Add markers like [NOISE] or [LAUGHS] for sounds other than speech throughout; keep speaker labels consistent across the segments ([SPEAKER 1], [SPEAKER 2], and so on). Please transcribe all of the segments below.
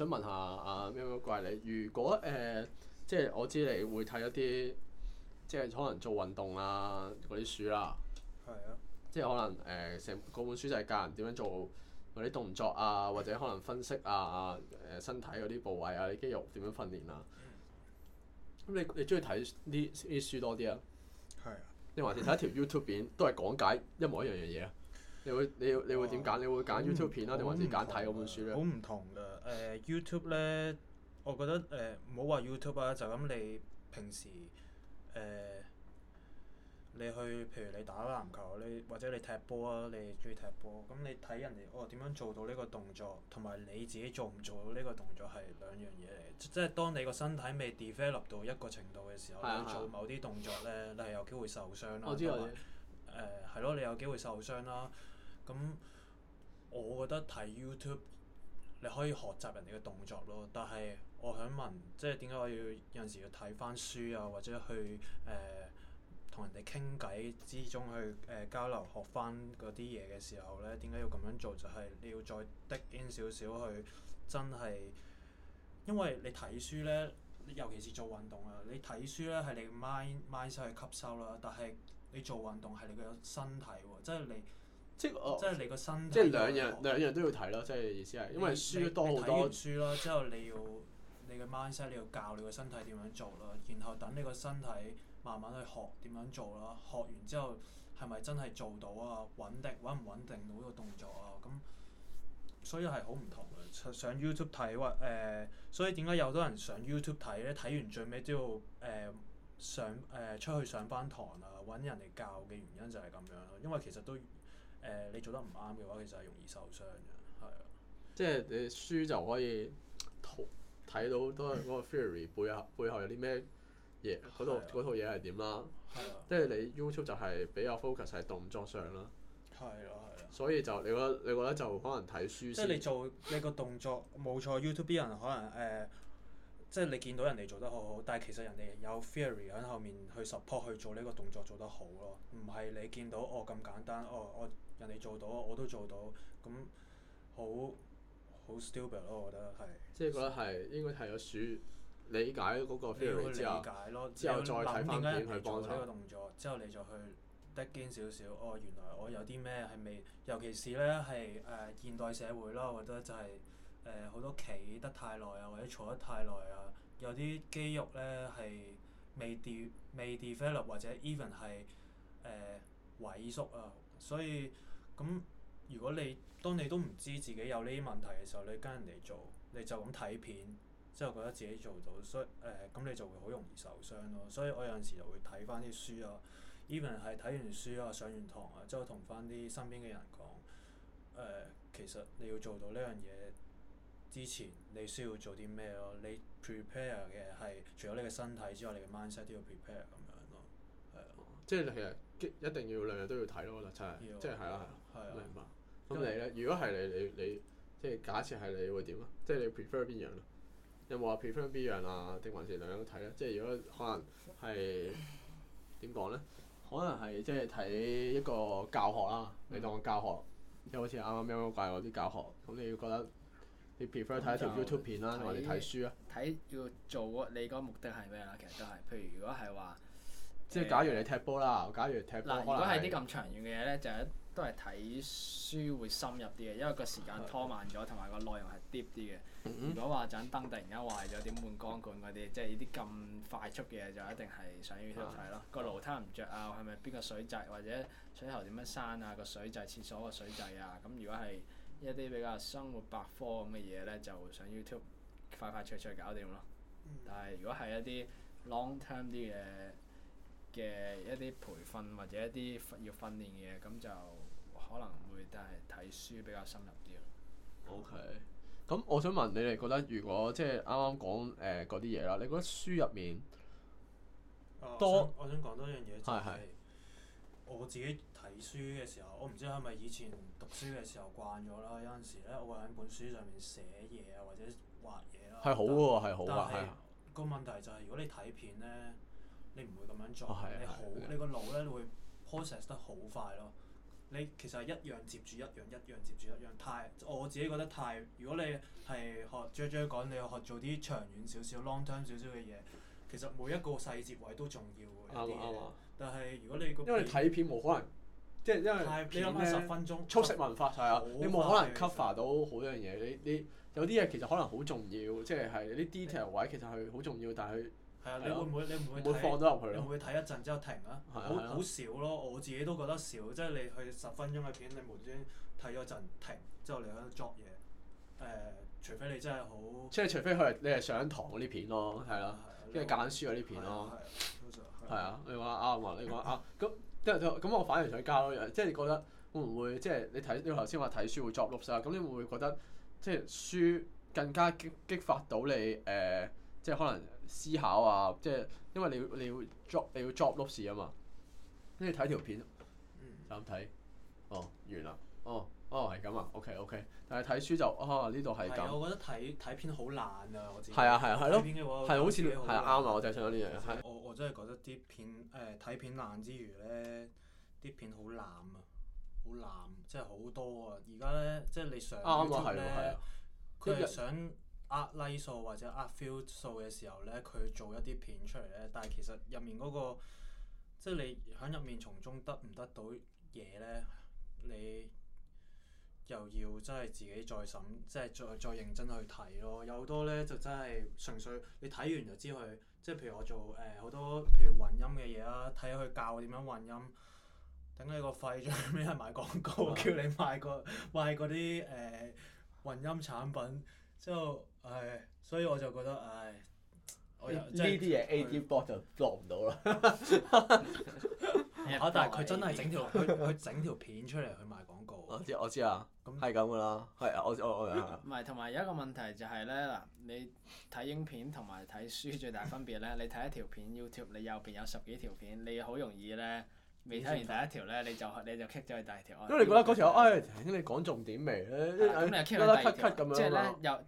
[SPEAKER 1] 想問下啊咩咩怪你？如果誒、呃，即係我知你會睇一啲，即係可能做運動啊嗰啲書啦。係啊。即係可能誒，成、呃、嗰本書就係教人點樣做嗰啲動作啊，或者可能分析啊誒、呃、身體嗰啲部位啊、啲肌肉點樣訓練啊。咁你你中意睇呢啲書多啲啊？係啊。你還是睇一條 YouTube 片都係講解一模一樣樣嘢啊？你會你你會點揀？你會揀 YouTube
[SPEAKER 2] 片啊，定、哦、還是揀睇嗰本書咧？好唔同噶，誒、呃、YouTube 咧，我覺得誒唔、呃、好話 YouTube 啊，就咁、是、你平時誒、呃、你去，譬如你打籃球，你或者你踢波啊，你中意踢波，咁你睇人哋哦點樣做到呢個動作，同埋你自己做唔做到呢個動作係兩樣嘢嚟嘅。即係當你個身體未 develop 到一個程度嘅時候，啊、你做某啲動作咧，你係有機會受傷啦。我知我誒係咯，你有機會受傷啦。咁、嗯、我覺得睇 YouTube 你可以學習人哋嘅動作咯。但係我想問，即係點解我要有陣時要睇翻書啊，或者去誒同、呃、人哋傾偈之中去誒、呃、交流學翻嗰啲嘢嘅時候咧，點解要咁樣做？就係、是、你要再 dig in 少，少少去真，真係因為你睇書咧，尤其是做運動啊，你睇書咧係你 mind mind 去吸收啦、啊，但係。你做運動係你嘅身體喎，即係你，即係你個身體。即兩樣
[SPEAKER 1] 兩樣都要睇咯，即係意思係，因為書多睇完書
[SPEAKER 2] 啦，之後你要你嘅 mindset，你要教你個身體點樣做啦，然後等你個身體慢慢去學點樣做啦，學完之後係咪真係做到啊？穩定穩唔穩定到個動作啊？咁所以係好唔同嘅。上 YouTube 睇或誒，所以點解、呃、有好多人上 YouTube 睇咧？睇完最尾都要誒。呃上誒、呃、出去上班堂啊，揾人哋教嘅原因就係咁樣咯，因為其實都誒、呃、你做得唔啱嘅話，其實係容易受傷嘅，
[SPEAKER 1] 係。即係你書就可以睇到都係嗰個 theory 背後背後有啲咩嘢，嗰套嗰套嘢係點啦。係啊、嗰個。即係你 YouTube 就係比較 focus 係動作上啦。係咯，
[SPEAKER 2] 係咯。
[SPEAKER 1] 所以就你覺得，得你覺得就可能睇書先，即係你做
[SPEAKER 2] 你個動作冇錯 [LAUGHS] YouTube 啲人可能誒。呃即係你見到人哋做得好好，但係其實人哋有 theory 喺後面去 support 去做呢個動作做得好咯，唔係你見到哦咁簡單，哦我人哋做到，我都做到，咁好好 stupid 咯，st upid，我覺得係。即係覺得係應
[SPEAKER 1] 該係個書理解嗰個 theory 之後，理解咯之後再睇翻點去做呢個
[SPEAKER 2] 動作，之後你再去 dig in 少少，哦原來我有啲咩係未，尤其是咧係誒現代社會咯，我覺得就係、是。誒好、呃、多企得太耐啊，或者坐得太耐啊，有啲肌肉咧係未調 de、未 develop 或者 even 係誒、呃、萎縮啊，所以咁如果你當你都唔知自己有呢啲問題嘅時候，你跟人哋做，你就咁睇片，之後覺得自己做到，所以咁、呃、你就會好容易受傷咯。所以我有陣時就會睇翻啲書啊 even 係睇完書啊、上完堂啊，之後同翻啲身邊嘅人講，誒、呃、其實你要做到呢樣嘢。之前你需要做啲咩咯？你 prepare 嘅係除咗你嘅身體之外，你嘅 mindset 都要 prepare 咁樣咯，
[SPEAKER 1] 係啊。即係其實一定要兩樣都要睇咯，就真係即係係啦係啦，明白，
[SPEAKER 2] 咁的你咧，
[SPEAKER 1] 如果係你你你即係假設係你，你會點啊？即係你 prefer 邊樣？有冇話 prefer 邊樣啊？定還，還是兩樣都睇咧？即係如果可能係點講咧？呢 [LAUGHS] 可能係即係睇一個教學啦。你當教學即係好似啱啱喵怪講嗰啲教學，咁、嗯、你要覺得。你 prefer 睇一套 YouTube 就片啦，定話你睇書啊？
[SPEAKER 3] 睇要做你個目的係咩啊？其實都係，譬如如果係話，
[SPEAKER 1] 即、欸、係假如你踢波啦，假如踢波，嗱，如果係啲咁
[SPEAKER 3] 長遠嘅嘢咧，就係、是、都係睇書會深入啲嘅，因為個時間拖慢咗，同埋個內容係 deep 啲嘅。如果話盞燈突然間壞咗，點換光管嗰啲，即係呢啲咁快速嘅嘢，就一定係、啊、上 YouTube 睇咯。個爐攤唔着啊，係咪邊個水掣或者水喉點樣閂啊？個水掣、就是、廁所個水掣啊，咁如果係。一啲比較生活百科咁嘅嘢呢，就上 YouTube 快快脆脆搞掂咯。但係如果係一啲 long term 啲嘅嘅一啲培訓或者一啲要訓練嘅嘢，咁就可能會都係睇
[SPEAKER 2] 書比較深入啲咯。OK，
[SPEAKER 1] 咁我想問你哋覺得，如果即係啱啱講誒嗰啲嘢啦，你覺得書入面、
[SPEAKER 2] 呃、多？我我想講多樣嘢、就是，就係我自己。書嘅時候，我唔知係咪以前讀書嘅時候慣咗啦。有陣時咧，我會喺本書上面寫嘢啊，或者畫嘢啦。係好喎，係但好但係是個問題就係、是，如果你睇片咧，你唔會咁樣做。的你好，的你個腦咧會 process 得好快咯。你其實係一樣接住一樣，一樣接住一樣。太我自己覺得太。如果你係學 Jazz 講，你學做啲長遠少少、long term 少少嘅嘢，其實每一個細節位都重要嘅。啲吧，啱吧但係如果你個因為
[SPEAKER 1] 睇片冇可能。
[SPEAKER 2] 即係因為你諗下十分鐘，速食文化
[SPEAKER 1] 係啊，你冇可能 cover 到好多樣嘢。你你有啲嘢其實可能好重要，即係係啲 detail 位其實係好重要，但係佢係啊，你會唔會你唔會放咗入去？你會唔會睇一陣之後停啊，好
[SPEAKER 2] 少咯。我自己都覺得少，即係你去十分鐘嘅片，你無端睇咗陣停，之後你喺度作嘢。誒，除非你真係好，即係
[SPEAKER 1] 除非佢係你係上堂嗰啲片咯，係啦，跟住揀書嗰啲片咯，係啊。你講得啱喎，你講得啱咁。即係咁，嗯嗯、我反而想交咯，又、就、即、是就是、你覺得會唔會即係你睇你頭先話睇書會作 notes 啊？咁你會唔會覺得即係、就是、書更加激激發到你誒，即、呃、係、就是、可能思考啊？即、就、係、是、因為你要你要作你要作 notes 啊嘛，跟住睇條片，就咁睇，哦，完啦，哦。哦，係咁啊，OK OK，但係睇書就哦，呢度係咁。我
[SPEAKER 2] 覺得睇睇片好爛啊！我、eh, 知、like，己係啊係啊係咯，係好似係啊啱啊！我就係想講呢樣嘢。我我真係覺得啲片誒睇片爛之餘呢，啲片好濫啊，好濫，即係好多啊！而家呢，即係你想出啊，佢想壓 like 數或者壓 feel 數嘅時候呢，佢做一啲片出嚟呢。但係其實入面嗰個即係你喺入面從中得唔得到嘢呢？你？又要真係自己再審，即係再再認真去睇咯。有好多咧就真係純粹你睇完就知佢，即係譬如我做誒好多譬如混音嘅嘢啦，睇下佢教我點樣混音，頂你個肺最尾係賣廣告，叫你買個買嗰啲誒混音產品。之後唉，所以我就覺得唉，我又呢啲嘢 A. I.
[SPEAKER 1] bot 就做唔到啦。
[SPEAKER 2] 啊！但係佢真係整條佢佢整條片出嚟去賣廣
[SPEAKER 1] 告我。我知我知啊。係咁噶啦，係啊，我我我係
[SPEAKER 3] 唔係，同埋有一個問題就係咧，嗱，你睇影片同埋睇書最大分別咧，你睇一條片 YouTube，你右邊有十幾條片，你好容易咧，未睇完第一條咧，你就你就 k cut 咗去第二條。因為你覺得嗰
[SPEAKER 1] 條唉，聽你講重點未咧？咁你 cut cut 咁樣啦。即係咧，
[SPEAKER 3] 右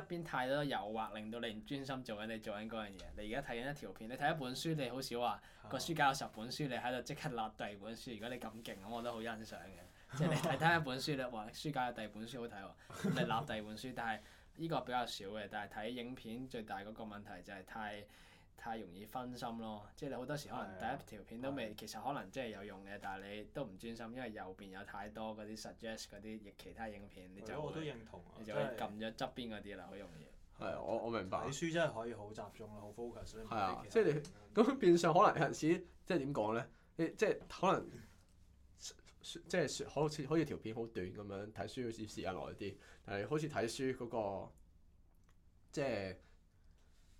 [SPEAKER 3] 側邊太多誘惑，令到你唔專心做緊你做緊嗰樣嘢。你而家睇緊一條片，你睇一本書，你好少話個書架有十本書，你喺度即刻立第二本書。如果你咁勁，咁我都好欣賞嘅。 [LAUGHS] 即係你睇睇一本書咧，話書架有第二本書好睇喎、哦， [LAUGHS] 你攬第二本書。但係呢個比較少嘅。但係睇影片最大嗰個問題就係太太容易分心咯。即係你好多時可能第一條片都未，的其實可能真係有用嘅，但係你都唔專心，因為右邊有太多嗰啲 suggest 嗰啲亦其他影片，的你就會認同、啊、你就撳咗側邊嗰啲啦，好容易。係我我明
[SPEAKER 1] 白。睇
[SPEAKER 2] 書真係可以好集中啦，好 focus 的。所以
[SPEAKER 1] 其實啊的，即係咁變相可能有陣時，即係點講咧？你即係可能。即係好似好似條片好短咁樣睇書好似時間耐啲，但係好似睇書嗰個即係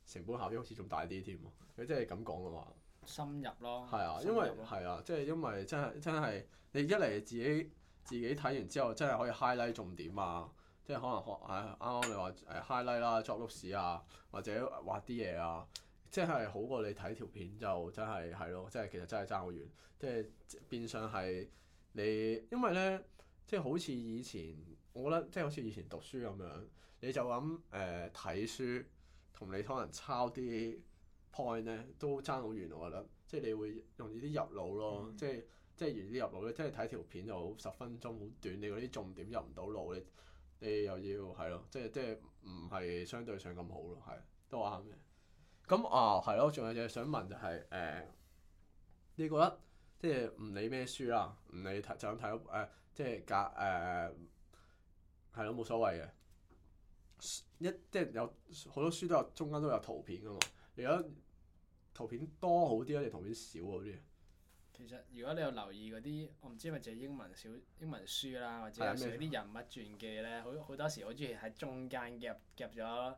[SPEAKER 1] 成本效益好似仲大啲添喎。你即係咁講嘅嘛？
[SPEAKER 3] 深入咯，係啊，因為係
[SPEAKER 1] 啊，即係因為真係真係你一嚟自己自己睇完之後，真係可以 highlight 重點啊，即係可能學係啱啱你話、哎、highlight 啦、啊，作 notes 啊，或者畫啲嘢啊，即係好過你睇條片就真係係咯，即係其實真係爭好遠，即係變相係。你，因為咧，即係好似以前，我覺得即係好似以前讀書咁樣，你就咁誒睇書，同你可能抄啲 point 咧，都差好遠我覺得。即係你會容易啲入腦咯，嗯、即係即容易啲入腦咧，即係睇條片就十分鐘好短，你嗰啲重點入唔到腦，你你又要係咯，即係即係唔係相對上咁好咯，係都話啱嘅。咁啊，係咯，仲有嘢想問就係、是、誒、呃，你覺得？即係唔理咩書啦，唔理睇就咁睇一誒，即係架誒，係咯冇所謂嘅。一即係有好多書都有中間都有圖片噶嘛。而家圖片多好啲咧，定圖片少好啲？
[SPEAKER 3] 其實如果你有留意嗰啲，我唔知係咪就係英文小英文書啦，或者有時啲人物傳記咧，好好 [LAUGHS] 多時好中意喺中間夾夾咗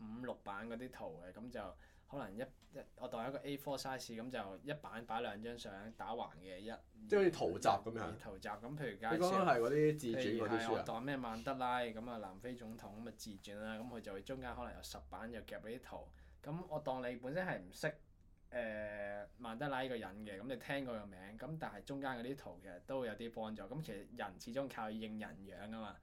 [SPEAKER 3] 五六版嗰啲圖嘅，咁就可能一。我當一個 A four size 咁就一版擺兩張相打橫嘅一，即好似圖集咁樣。圖集咁，譬如假如你講嗰啲自傳嗰啲書，我當咩曼德拉咁啊，南非總統咁啊自傳啦，咁佢就會中間可能有十版又夾嗰啲圖。咁我當你本身係唔識誒曼德拉呢個人嘅，咁你聽過個名咁，但係中間嗰啲圖其實都會有啲幫助。咁其實人始終靠應人樣噶嘛。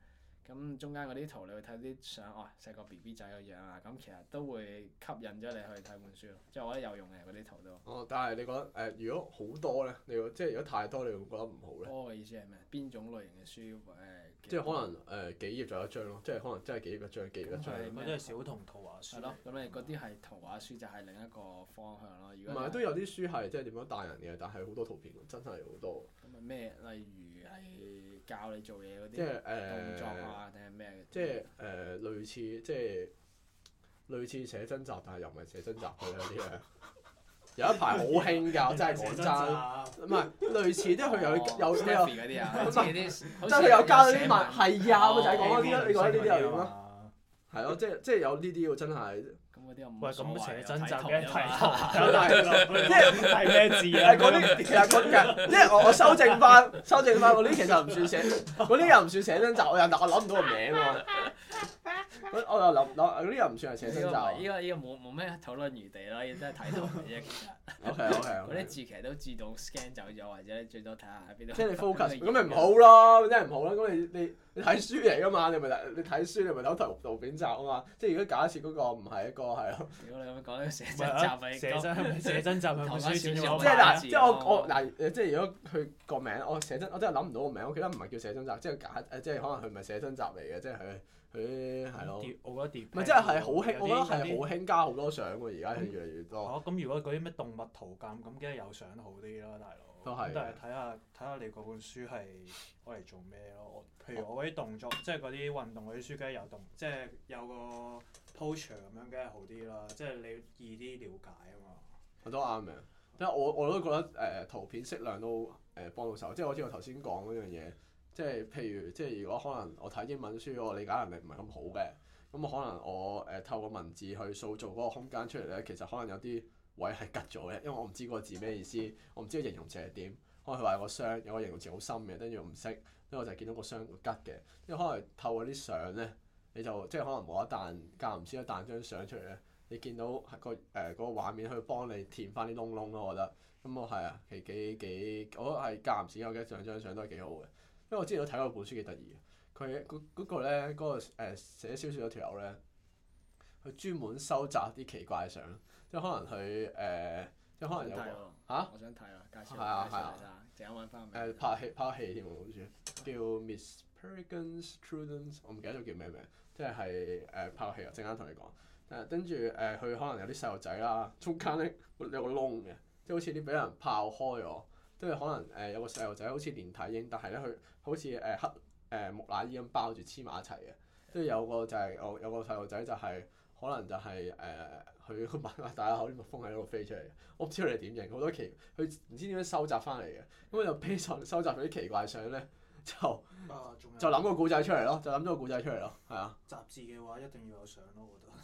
[SPEAKER 3] 咁中間嗰啲圖你去睇啲相，哦，細個 B B 仔個樣啊，咁其實都會吸引咗你去睇本書咯，即我覺得有用嘅嗰啲圖都。
[SPEAKER 1] 哦，但係你覺得誒、呃，如果好多呢？你會即如果太多，你會覺得唔好呢？多嘅、哦、意思係咩？邊種類型嘅書誒、呃呃？即可能誒幾頁就一張咯，即可能真係幾頁一張，嗯、幾頁一張。咁咪都係小童，
[SPEAKER 3] 童那那圖畫書。係咯，咁你嗰啲係圖畫書就係、是、另一個方向咯。如果唔係都有啲
[SPEAKER 1] 書係即係點樣大人嘅，但係好多圖片真係好多。
[SPEAKER 3] 咁咪咩？例如係。教你
[SPEAKER 1] 做嘢嗰啲動作啊，定係咩？即係誒，類似即係類似寫真集，但係又唔係寫真集嘅嗰啲啊，有一排好興㗎，真係講真，唔係類似即佢有有咩啊？即係佢有加咗啲文，係啊！咪就係講嗰啲咯。你覺得呢啲又點啊，係咯，即係即係有呢啲喎，真係。
[SPEAKER 2] 又不不啊，喂，咁寫真集嘅題材，即係唔提咩字啊！嗰啲 [LAUGHS] 其實嗰啲人，即、就、係、是、我，我修正翻，
[SPEAKER 1] 修正翻嗰啲其實唔算寫，嗰啲又唔算寫真集啊！但我諗唔到個名喎。我我又諗，嗰啲又唔算係寫真集，
[SPEAKER 3] 依個依個冇冇咩討論餘地啦。亦都係睇到，嘅啫。其實，OK OK，嗰啲字其實都自動 scan 走咗，或者最多睇下喺邊度。即係你 focus，咁咪唔好咯，
[SPEAKER 1] 真係唔好咯。咁你你睇書嚟噶嘛？你咪你睇書，你咪睇圖道編集啊嘛。即係如果假設嗰個唔係一個係咯，如果你咁講，
[SPEAKER 2] 寫真集咪寫真寫真集唐詩選，即係嗱，即係我我
[SPEAKER 1] 嗱，即係如果佢個名，我寫真，我真係諗唔到個名。我記得唔係叫寫真集，即係假，即係可能佢唔係寫真集嚟嘅，即係佢。誒係咯，哎、
[SPEAKER 2] 我覺得碟唔係即係係好興，就是、些我覺得係好興
[SPEAKER 1] 加好多相喎。而家係越嚟越多。
[SPEAKER 2] 咁、哦、如果嗰啲咩動物圖鑑，咁梗係有相好啲啦，大佬。都係。都係睇下睇下你嗰本書係攞嚟做咩咯？譬如我嗰啲動作，啊、即係嗰啲運動嗰啲書，梗係有動，即係有個 posture 咁樣，梗係好啲啦。即係你易啲了解啊嘛。我都啱嘅，即係我我都覺得誒、呃、
[SPEAKER 1] 圖片適量都誒幫到手，即係好似我頭先講嗰樣嘢。即係譬如，即係如果可能我睇英文書，我理解能力唔係咁好嘅，咁我可能我誒、呃、透過文字去塑造嗰個空間出嚟咧，其實可能有啲位係吉咗嘅，因為我唔知嗰個字咩意思，我唔知個形容詞係點，可能佢話有個箱有個形容詞好深嘅，跟住我唔識，跟住我就見到個箱會吉嘅。因為可能透過啲相咧，你就即係可能冇一彈隔唔時一彈張相出嚟咧，你見到、嗰個誒嗰、呃嗰個畫面去幫你填翻啲窿窿咯，我覺得咁我係啊，其幾幾，幾我覺得係隔唔時有嘅上張相都係幾好嘅。因為我之前都睇過本書，幾得意嘅。佢嗰嗰個咧，嗰個誒寫小說嗰條友咧，佢專門收集啲奇怪嘅相，即可能佢誒、呃，即可能有個嚇，我想睇啦、
[SPEAKER 3] 啊啊啊，介紹、啊、介紹下。係啊係啊，陣間揾
[SPEAKER 1] 返。誒，拍戲拍戲添喎本書，叫 Miss Peregrine's Children，我唔記得咗叫咩名，即係唉，拍戲啊，陣間同你講。誒跟住唉，佢、呃、可能有啲細路仔啦，中間咧有個窿嘅，即好似啲俾人泡開咗。都係可能誒、呃、有個細路仔好似連體嬰，但係呢，佢好似誒、呃、黑誒、呃、木乃伊咁包住黐埋一齊嘅。都係、嗯、有個就係、是、我有，有個細路仔就係、是、可能就係誒佢個蜜蜂打開口，蜜蜂喺嗰度飛出嚟嘅。我唔知佢哋點認，好多奇佢唔知點樣收集翻嚟嘅。咁佢就經常收集咗啲奇怪相呢。就就諗個故仔出嚟咯，就諗咗個故仔出嚟咯，係啊！
[SPEAKER 2] 雜誌嘅話一定要有相咯，我覺得。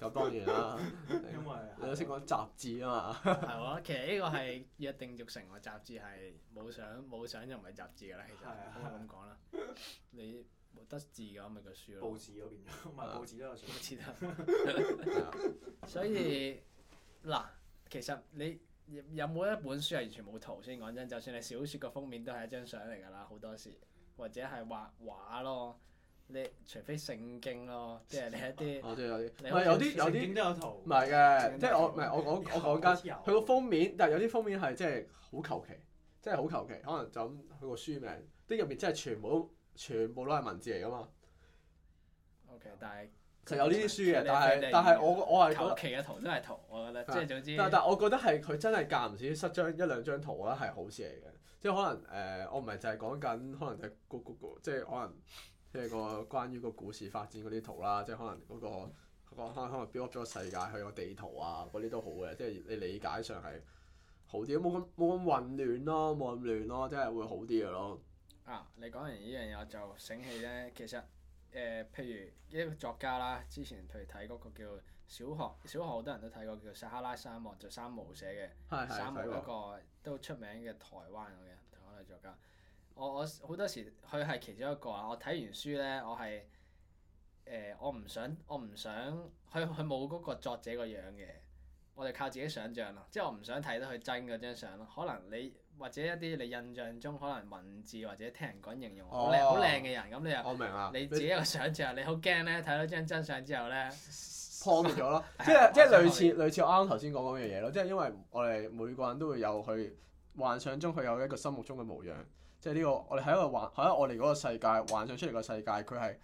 [SPEAKER 2] 咁當然啦。因為是你都識講雜誌啊嘛。係喎，其實呢個係約定俗成
[SPEAKER 3] 話雜誌係冇相，冇相就唔係雜誌㗎啦，其實可以咁講啦。啊啊、你冇得字㗎，咪個書咯。報紙嗰邊，咪報紙咯，書唔知得。
[SPEAKER 2] [LAUGHS]
[SPEAKER 3] [LAUGHS] 所以嗱，其實你。有冇一本書係完全冇圖，先講真？就算你小説個封面都係一張相嚟㗎啦，好多時或者係畫畫咯。你除非聖經咯，即係一啲。我中意啲。唔係有啲有啲。聖經都有圖。唔係嘅，即係我唔係我我我講緊佢個封面，但係有啲封面係即係好
[SPEAKER 1] 求其，即係好求其，可能就咁佢個書名啲入面真係全部都全部都係文字嚟㗎嘛。
[SPEAKER 3] OK，但係。其實有呢啲書嘅，但係但係我我係求其嘅圖都係圖，我覺得的即係總之。但但
[SPEAKER 1] 我覺得係佢真係間唔時失張一兩張圖，我覺得係好事嚟嘅。即可能誒、呃，我唔係就係講緊可能係、就是、個個個，即可能即、那、係個關於個故事發展嗰啲圖啦。即可能嗰個講開可能 build up 咗個世界佢個地圖啊，嗰啲都好嘅。即你理解上係好啲，冇咁冇咁混亂咯，冇咁亂咯，即係會好啲嘅咯。
[SPEAKER 3] 啊！你講完呢樣嘢我就醒起咧，其實。誒、呃，譬如一個作家啦，之前譬如睇嗰個叫小學，小學好多人都睇過叫撒哈拉沙漠，就是、三毛寫嘅，三毛嗰個都出名嘅台灣嘅人，台灣嘅作家。我我好多時佢係其中一個啊。我睇完書呢，我係誒、呃、我唔想我唔想佢佢冇嗰個作者個樣嘅，我就靠自己想象咯。即我唔想睇到佢真嗰張相咯。可能你。或者一啲你印象中可能文字或者聽人講形容好靚好靚嘅人，咁你又我明喇你自己有個想像你，你好驚咧睇到張真相之後咧、嗯、 [LAUGHS] 破滅咗咯，即
[SPEAKER 1] 係即類似類似,類似我啱頭先講嗰樣嘢咯，即係因為我哋每個人都會有佢幻想中佢有一個心目中嘅模樣，即係呢、這個我哋喺一個幻喺、嗯、我哋嗰個世界幻想出嚟個世界，佢係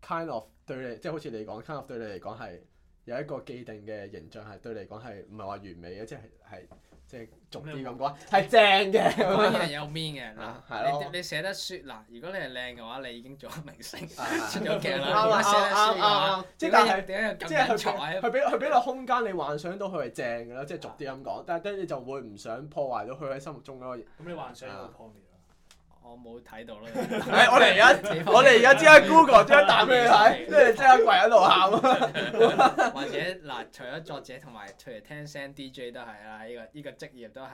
[SPEAKER 1] kind of 對你，即係好似你講 kind of 對你嚟講係有一個既定嘅形象，係對你嚟講係唔係話完美嘅，即係係。即係俗啲咁講，係
[SPEAKER 3] 正嘅，嗰啲人有面嘅。啊，係咯。你你寫得説嗱，如果你係靚嘅話，你已經做咗明星，出咗鏡啦，啱唔啱？啱啱啱。即係但係，即係佢佢俾
[SPEAKER 1] 佢俾個空間，你幻想到佢係正嘅啦，即係俗啲咁講。但係跟住就會唔想破壞到佢喺心目中嗰個。咁你
[SPEAKER 3] 幻想有冇破滅？我冇睇到咯，係我哋而家
[SPEAKER 1] 我哋而家即刻 Google 即刻彈俾你睇，跟住即刻跪喺度喊咯。 [MUSIC] [LAUGHS] [LAUGHS] 或者
[SPEAKER 3] 嗱，除咗作者同埋，除咗聽聲 DJ 都係啦，呢、這個呢、這個職業都係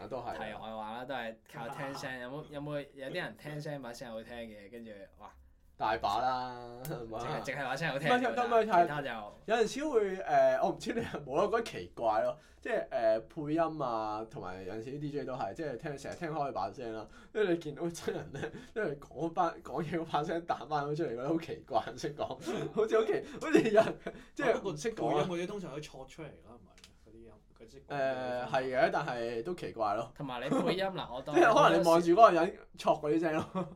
[SPEAKER 3] 啊，都係題外話啦，都係靠聽聲、啊。有冇有冇有啲人聽聲把聲好聽嘅，跟住哇？大把啦，淨係淨係把聲好聽，
[SPEAKER 1] 有陣時會誒、呃，我唔知你有冇咯，覺得奇怪咯，即係、呃、配音啊，同埋有陣時啲 DJ 都係，即係聽成日聽開把聲啦，跟住你見到真人咧，因為講翻講嘢嗰把聲彈翻咗出嚟，覺得好奇怪，唔識講，好似 [LAUGHS] 好奇好似有人，即係識講嘢，佢
[SPEAKER 2] 哋通常可以錯出嚟噶，唔係。誒係嘅，
[SPEAKER 1] 但係都奇怪咯。同
[SPEAKER 3] 埋
[SPEAKER 2] 你配音嗱，我當即可能你望住
[SPEAKER 1] 嗰個人，錯嗰啲聲咯。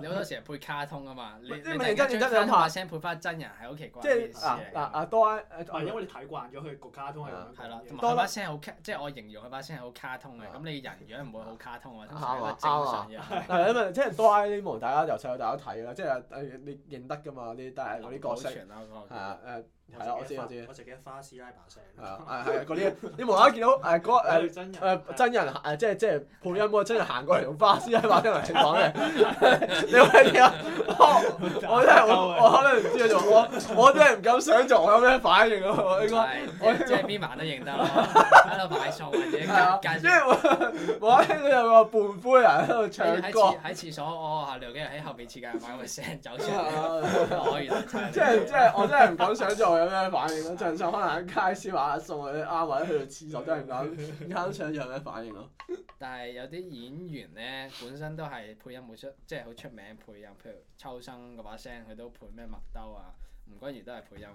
[SPEAKER 1] 你好多時係配卡通
[SPEAKER 3] 啊嘛，你跟住將將兩把聲配翻真人係好奇怪嘅事嚟。啊啊啊多啦 A 夢！唔係因為你睇慣咗佢個卡通係嘛？係啦，同埋把聲好卡，即係我形容佢把聲係好卡通嘅。咁你人樣唔會好卡通啊，同埋係一個正常嘅。係啊，因
[SPEAKER 1] 為即係多啦 A 夢呢部大家由細到大都睇啦，即係你認得噶嘛，你但係嗰啲角色係啊
[SPEAKER 2] 誒。係啦，我知我知，我自己係花師拉把聲。係啊係啊，嗰啲你無啦啦見到誒嗰誒誒真人
[SPEAKER 1] 誒即係配音喎，真人行過嚟用花師拉把聲嚟講嘅，
[SPEAKER 2] 你會點
[SPEAKER 3] 啊？我我真係我可能唔知做過，我
[SPEAKER 1] 我真係唔敢想像，我有咩反應啊？你講，我真係邊
[SPEAKER 3] 晚都認得咯，喺度買餸或者
[SPEAKER 1] 介紹。因我，無啦啦聽到有個半杯人喺度唱歌，
[SPEAKER 3] 喺廁所，我話，下流嘅喺後面設計埋個聲走出嚟，我原來即係即我真係唔敢想像。有咩反應咯，啊？鄭秀
[SPEAKER 1] 芬行街先話送佢啱，或者去到廁所真係唔敢啱唱有咩反應咯？
[SPEAKER 3] 但係有啲演員呢，本身都係配音，冇出即係好出名配音，譬如秋生嗰把聲，佢都配咩麥兜啊，吳君如都係配音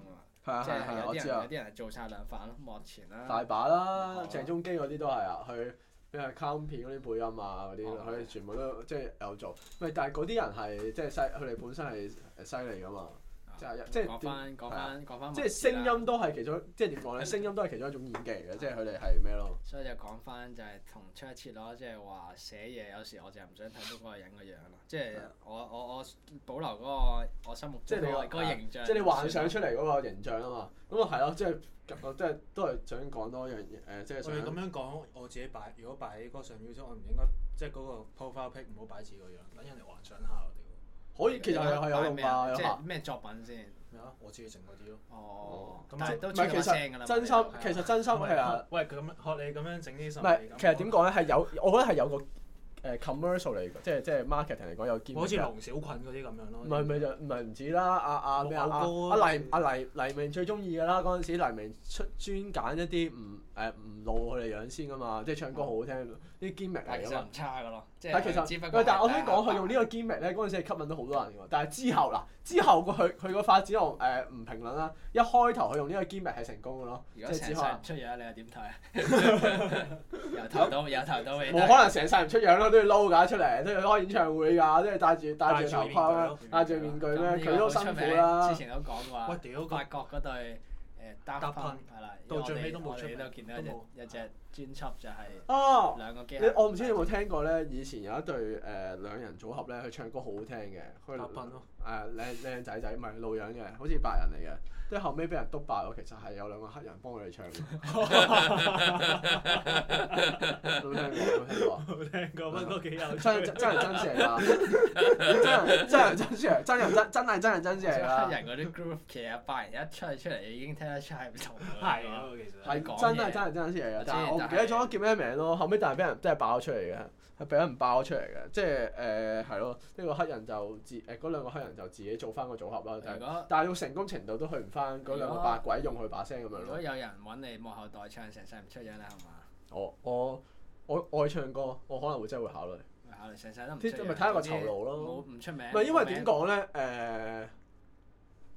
[SPEAKER 3] 㗎嘛，即係有啲人有啲人做曬兩份咯，幕前啦。大把啦，鄭中
[SPEAKER 1] 基嗰啲都係啊，佢比如話卡通片嗰啲配音啊，嗰啲佢哋全部都即係、就是、有做。喂的，但係嗰啲人係，即係犀，佢哋本身係犀利噶嘛。即係講翻
[SPEAKER 3] 講翻講翻，即係聲
[SPEAKER 1] 音都係其中，即係點講咧？聲音都係其中一種演技嘅，即係佢哋係咩咯？
[SPEAKER 3] 所以就講翻就係同出一次咯，即係話寫嘢有時我就唔想睇到嗰個人嘅樣咯，即係我我我保留嗰個我心目中嗰個形象，即係你幻想出嚟嗰個形象
[SPEAKER 1] 啊嘛。咁啊係咯，即
[SPEAKER 2] 係我即係都係想講
[SPEAKER 1] 多樣嘢誒，即係所以哋咁樣
[SPEAKER 2] 講我自己擺，如果擺喺歌上表出，我唔應該即係嗰個 profile pic 唔好擺自己個樣，等人哋幻想下。
[SPEAKER 1] 可以，其實係係有用㗎，有
[SPEAKER 2] 咩作品先？咩啊？我自己整嗰啲咯。哦，咁即係都唔係，其實真心，其實真心係啊。喂，咁樣學你咁樣整啲唔係，其實點
[SPEAKER 1] 講咧？係有，我覺得係有個誒 commercial 嚟嘅，即係即係 marketing 嚟講有兼。好似龍
[SPEAKER 2] 小菌嗰啲咁樣咯。唔係唔係
[SPEAKER 1] 就唔係唔止啦。阿阿咩啊啊黎啊黎黎明最鍾意㗎啦。嗰陣時黎明出專揀一啲唔。啊誒唔露佢哋樣先噶嘛，即係唱歌好好聽，啲 gimmick 其實唔差噶咯。但係其實，但係我想講佢用呢個 gimmick 咧，嗰陣時係吸引到好多人嘅。但係之後嗱，之後佢佢個發展我誒唔評論啦。一開頭佢用呢個 gimmick 係成
[SPEAKER 3] 功嘅咯，即係只可能唔出嘢。你又點睇？由頭到由頭到尾，冇可能成
[SPEAKER 1] 世唔出樣咯，都要撈㗎出嚟，都要開演唱會㗎，都要戴住戴住頭盔、戴住面具咩？佢都辛苦啦。之前都講
[SPEAKER 3] 話，喂屌，法國嗰誒搭配係啦，到最尾都冇出，我哋都見到一隻。沒專輯就係兩個黐人，哦、你我
[SPEAKER 1] 唔知你有冇聽過呢？以前有一對誒、呃、兩人組合呢，佢唱歌好好聽嘅。佢立賓咯，誒靚靚仔仔咪老樣嘅，好似白人嚟嘅。即後尾俾人篤爆咯，其實係有兩個黑人幫佢哋唱。嘅。冇聽過，冇 [LAUGHS] 聽過。冇聽過，乜歌幾有？
[SPEAKER 3] 真真人真事嚟㗎。真真人
[SPEAKER 1] 真
[SPEAKER 3] 事嚟，真人真係真係
[SPEAKER 1] 真人真事嚟㗎。黑人嗰
[SPEAKER 3] 啲 group 其實白人一出嚟出嚟已經聽得出係唔同㗎。係啊， [LAUGHS] 其實係講
[SPEAKER 1] 真係真人真事嚟㗎，唔記得咗叫咩名咯，後尾但係俾人真係爆咗出嚟嘅，係俾人爆咗出嚟嘅，即係誒係咯，呢個黑人就自誒嗰兩個黑人就自己做翻個組合啦。但係嗰但係佢成功程度都去唔翻嗰兩個白鬼用佢把聲咁樣咯。如果
[SPEAKER 3] 有人揾你幕後代唱成世唔出樣啦，係嘛？
[SPEAKER 1] 我我我愛唱歌，我可能會真係會考慮。考
[SPEAKER 3] 慮成世都唔出，咪睇下個酬勞咯。唔出名咪因為點講
[SPEAKER 1] 咧？誒，呃，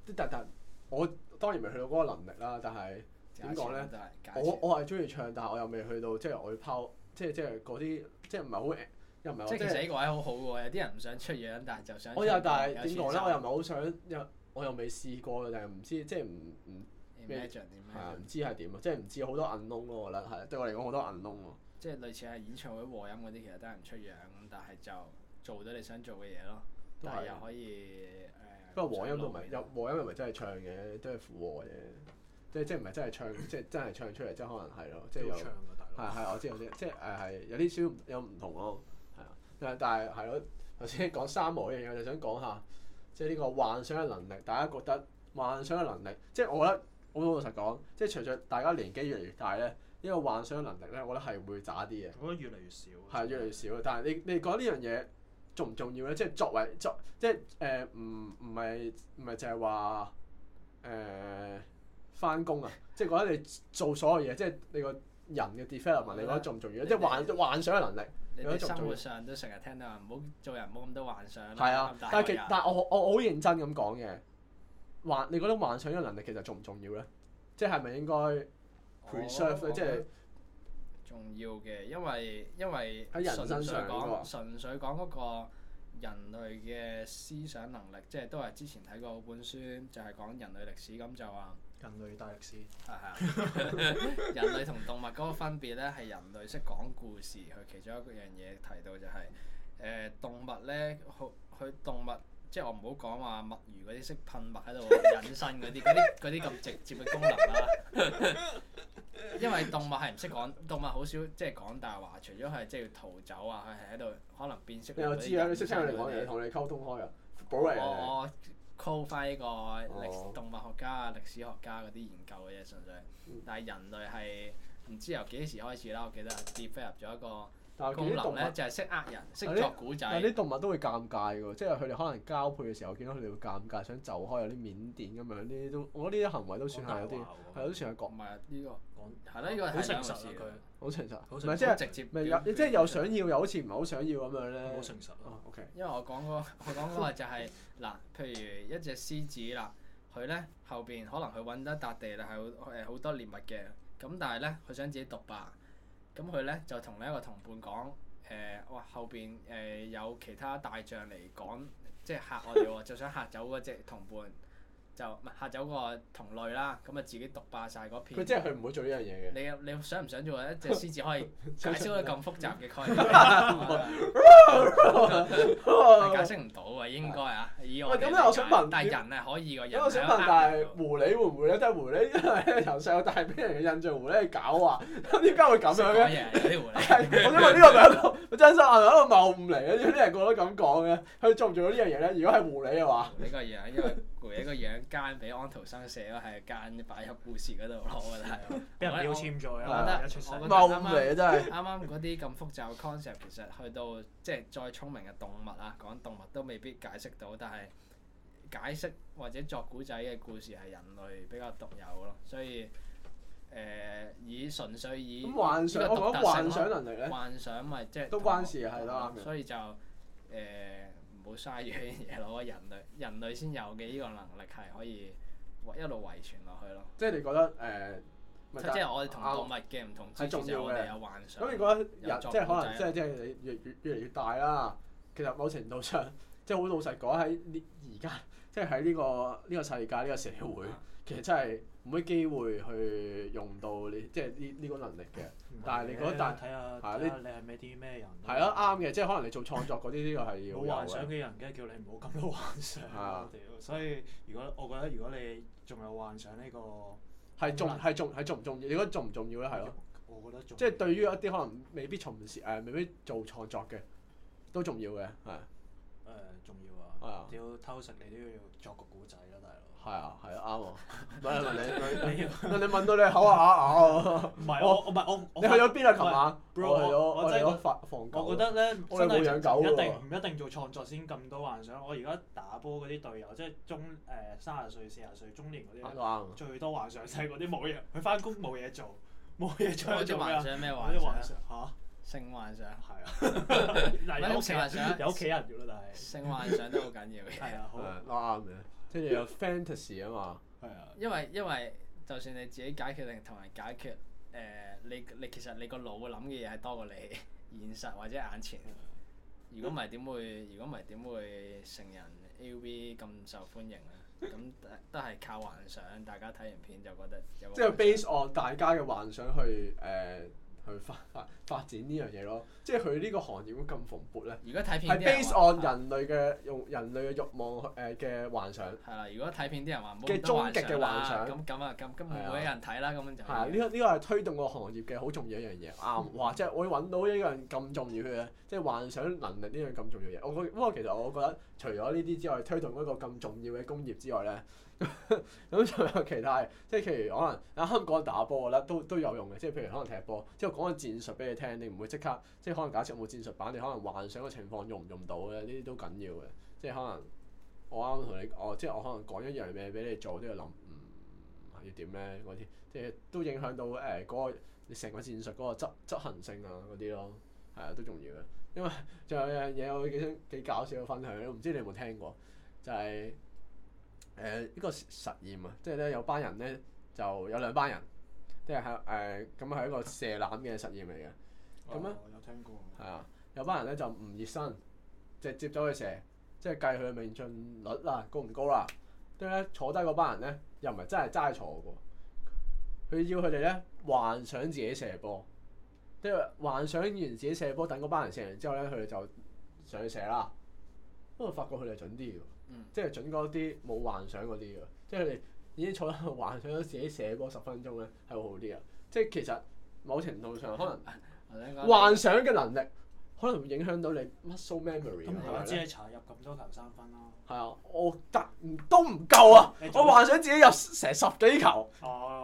[SPEAKER 1] 啲但但但，我當然未去到嗰個能力啦，但係。
[SPEAKER 3] 點講咧就
[SPEAKER 1] 係我我係中意唱，但係我又未去到即係外拋，即係即係嗰啲即係
[SPEAKER 3] 唔係好又唔係。即係自己個位好好喎，有啲人唔想出樣，但係就想。我又但係點講咧？我又唔係好想
[SPEAKER 1] 又我又未試過，但係唔知即係唔唔。Imagine？係啊，唔知係點啊，即係唔知好多 unknown 咯，我覺得係對我嚟講好多 unknown 喎。
[SPEAKER 3] 即係類似係演唱會和音嗰啲，其實都係唔出樣，但係就做咗你想做嘅嘢咯，都係又可以誒。以嗯、不過和音都唔係入
[SPEAKER 1] 和音又唔係真係唱嘅，都係附和嘅。即係即係唔係真係唱，即係真係唱出嚟，即係可能係咯，即係有。好唱啊，大佬！係係，我知我知，即係誒係有啲少有唔同咯，係啊，但係但係係咯，頭先講三毛嗰樣嘢，我就想講下，即係呢個幻想嘅能力，大家覺得幻想嘅能力，即係我覺得好老實講，即係隨著大家年紀越嚟越大咧，呢個幻想嘅能力咧，我覺得係會渣啲嘅。我覺得越嚟越少。係越嚟越少，但係你你講呢樣嘢重唔重要咧？即係作為作，即係誒唔唔係唔係就係話誒。呃翻工啊，即係覺得你做所有嘢， [LAUGHS] 即係你個人嘅 development， [LAUGHS] 你覺得重唔重要？們即係幻幻想嘅能力，
[SPEAKER 3] 你喺們 生活上都成日聽到話，唔好做人，唔好咁多幻想。係啊，但係
[SPEAKER 1] 但係我我好認真咁講嘅幻，你覺得幻想嘅能力其實重唔重要咧？即係咪應該
[SPEAKER 3] preserve 咧？哦、即係是重要嘅，因為因為喺人生上講，純粹講嗰、那個、個人類嘅思想能力，即係都係之前睇過本書，就係、是、講人類歷史咁就話。就人類大歷史，係係 [LAUGHS] 人類同動物嗰個分別咧，係人類識講故事。佢其中一個樣嘢提到就係、是，誒、呃、動物咧，佢佢動物，即係我唔好講話墨魚嗰啲識噴墨喺度隱身嗰啲，嗰啲啲咁直接嘅功能啦。因為動物係唔識講，動物好少即係講大話，除咗係即係要逃走啊，佢係喺度可能變色。我知啊，你識聽人哋講嘢，同你
[SPEAKER 1] 溝通開啊，保衞。
[SPEAKER 3] call 翻呢個歷史動物學家啊、歷史學家嗰啲研究嘅嘢，純粹，但係人類係唔知由幾時開始啦，我記得，deep f 跌入咗一個。嗱，其實就係識呃人，識作古仔。但係啲
[SPEAKER 1] 動物都會尷尬嘅喎，即係佢哋可能交配嘅時候見到佢哋會尷尬，想走開有啲腼腆咁樣。呢啲都我覺得呢啲行為都算係有啲，係都算係動物呢
[SPEAKER 3] 個。講係咯，呢個係好誠實。佢
[SPEAKER 1] 好誠實，唔即係直接，咩？即係又想要又好似唔係好想要咁樣咧。好誠實啊，OK。
[SPEAKER 3] 因為我講嗰個，我講嗰個就係嗱，譬如一隻獅子啦，佢咧後邊可能佢揾得笪地啦，係好誒好多獵物嘅。咁但係咧，佢想自己獨霸。咁佢咧就同另一個同伴講，誒、呃，哇，後邊誒、呃、有其他大將嚟講，即係嚇我哋喎、哦，就想嚇走嗰隻同伴。就唔嚇走個同類啦，咁啊自己獨霸晒嗰片。佢真係佢唔會做呢樣嘢嘅。你你想唔想做一隻獅子可以解釋到咁複雜嘅概念？ [LAUGHS] [LAUGHS] 解釋唔到喎，應該啊。對以我咁樣我想問，但係人係可以個。人以我想問，人但係
[SPEAKER 1] 狐狸會唔會咧？即係狐狸，因為由細到大俾人嘅印象，狐狸係狡猾。點解會咁樣咧？
[SPEAKER 3] 狐狸。 [LAUGHS] [LAUGHS] 我想問呢個咪一個，
[SPEAKER 1] 真心係一個謬誤嚟嘅。點解啲人覺得咁講嘅？佢做唔做到呢樣嘢咧？如果係狐狸嘅話。
[SPEAKER 3] 呢個嘢啊，因為。攰一個樣奸俾安徒生寫咯，係奸擺喺故事嗰度咯，我覺得係
[SPEAKER 2] 俾 [LAUGHS] 人標籤咗啊！啱
[SPEAKER 3] 啱嗰啲咁複雜嘅 concept，其實去到即係、就是、再聰明嘅動物啊，講動物都未必解釋到，但係解釋或者作古仔嘅故事係人類比較獨有咯，所以誒、呃、以純粹以幻想，我講幻想能力幻想咪即係都關事係咯，所以就誒。呃嗯好嘥嘢嘢咯！人類人類先有嘅呢個能力係可以遺一路遺傳落去咯。
[SPEAKER 1] 即係你覺得誒，呃、即係我哋同動物
[SPEAKER 3] 嘅唔同之處、哦、重要就我哋有幻想。咁你覺得人即係可能即係即
[SPEAKER 1] 係越越越嚟越大啦。嗯、其實某程度上即係好老實講喺呢而家，即係喺呢個呢個世界呢、呢個社會，嗯、其實真係。冇乜機會去用到你，即係呢呢個能力嘅。但係你覺得，但係睇下你
[SPEAKER 2] 係咩啲咩人？係
[SPEAKER 1] 啊，啱嘅你、啊，即係可能你做創作嗰啲呢個係要。冇幻想嘅人
[SPEAKER 2] 的，梗係叫你唔好咁多幻想、啊、所以如果我覺得如果你仲有幻想呢、呢個係重係
[SPEAKER 1] 重係重唔重要？你覺得重唔重要咧？係咯。我
[SPEAKER 2] 覺得重。
[SPEAKER 1] 即係對於一啲可能未必從事誒、呃、未必做創作嘅，都重要嘅，係、啊。
[SPEAKER 2] 誒、呃、重要啊！啊要偷食你都要作個故仔啦、啊，大佬。
[SPEAKER 1] 係啊，係啊，啱啊！唔係問你，問你問到你口眼
[SPEAKER 2] 啊！唔係我，我唔係我，你去咗邊啊？琴晚去咗，我哋房房間。我覺得咧，我係一定唔一定做創作先咁多幻想？我而家打波嗰啲隊友，即係中誒三十歲、四十歲中年嗰啲，最多幻想。細嗰啲冇嘢，佢翻工冇嘢做，冇嘢做。嗰啲幻想咩幻想？嚇性幻想，係啊，唔
[SPEAKER 3] 係性幻想，有屋企人聊咯，但係性幻想
[SPEAKER 1] 都好緊要。係啊，好啱嘅。即係有 fantasy 啊嘛，
[SPEAKER 3] 因為因為就算你自己解決定同人解決，誒、呃、你你其實你個腦諗嘅嘢係多過你現實或者眼前。如果唔係點會？如果唔係點會成人 AV 咁受歡迎啊？咁都係靠幻想，大家睇完片就覺得。即係 base
[SPEAKER 1] on 大家嘅幻想去誒。呃去發發展呢樣嘢咯，即係佢呢個行業會咁蓬勃呢？如果睇片啲人係 base on 人類嘅用人類嘅慾望誒嘅
[SPEAKER 3] 幻想。係、啊、啦，如果睇片啲人話冇咁嘅終極嘅幻想，咁咁啊咁，根本冇人睇啦，咁樣就
[SPEAKER 1] 係啊呢個呢個係推動個行業嘅好重要一樣嘢。啱，哇！即係我揾到一樣咁重要嘅，即係幻想能力呢樣咁重要嘅嘢。我覺得不過其實我覺得除咗呢啲之外，推動一個咁重要嘅工業之外呢。咁仲 [LAUGHS] 有其他，即係譬如可能喺香港打波，我覺得都都有用嘅。即係譬如可能踢波，即係講個戰術俾你聽，你唔會即刻，即係可能假設冇戰術版，你可能幻想嘅情況用唔用到咧，呢啲都緊要嘅。即係可能我啱啱同你，我即係我可能講一樣嘢俾你做，都要諗，嗯，要點咧嗰啲，即係都影響到誒嗰、呃嗰個你成個戰術嗰個執,執行性啊嗰啲咯，係啊，都重要嘅。因為仲有一樣嘢我幾想幾搞笑嘅分享，唔知你有冇聽過，就係、係。誒呢、呃、個實驗啊，即係咧有班人咧就有兩班人，即係係誒咁係一個射籃嘅實驗嚟嘅。哦，咁有聽過。係啊、嗯，有班人咧就唔熱身，直接走去射，即係計佢嘅命中率啦、啊，高唔高啦、啊。跟住咧坐低嗰班人咧又唔係真係齋坐嘅喎，佢要佢哋咧幻想自己射波，即係幻想完自己射波，等嗰班人射完之後咧，佢哋就上去射啦。不過發覺佢哋準啲即係準確啲，冇幻想嗰啲嘅。即係佢哋已經坐喺度幻想咗自己射波十分鐘咧，係會好啲啊！即係其實某程度上，可能幻想嘅能力可能會影響到你 muscle memory。咁我只係查
[SPEAKER 2] 入咁多球三分咯。
[SPEAKER 1] 係啊，我得都唔夠啊！我幻想自己入成十幾球，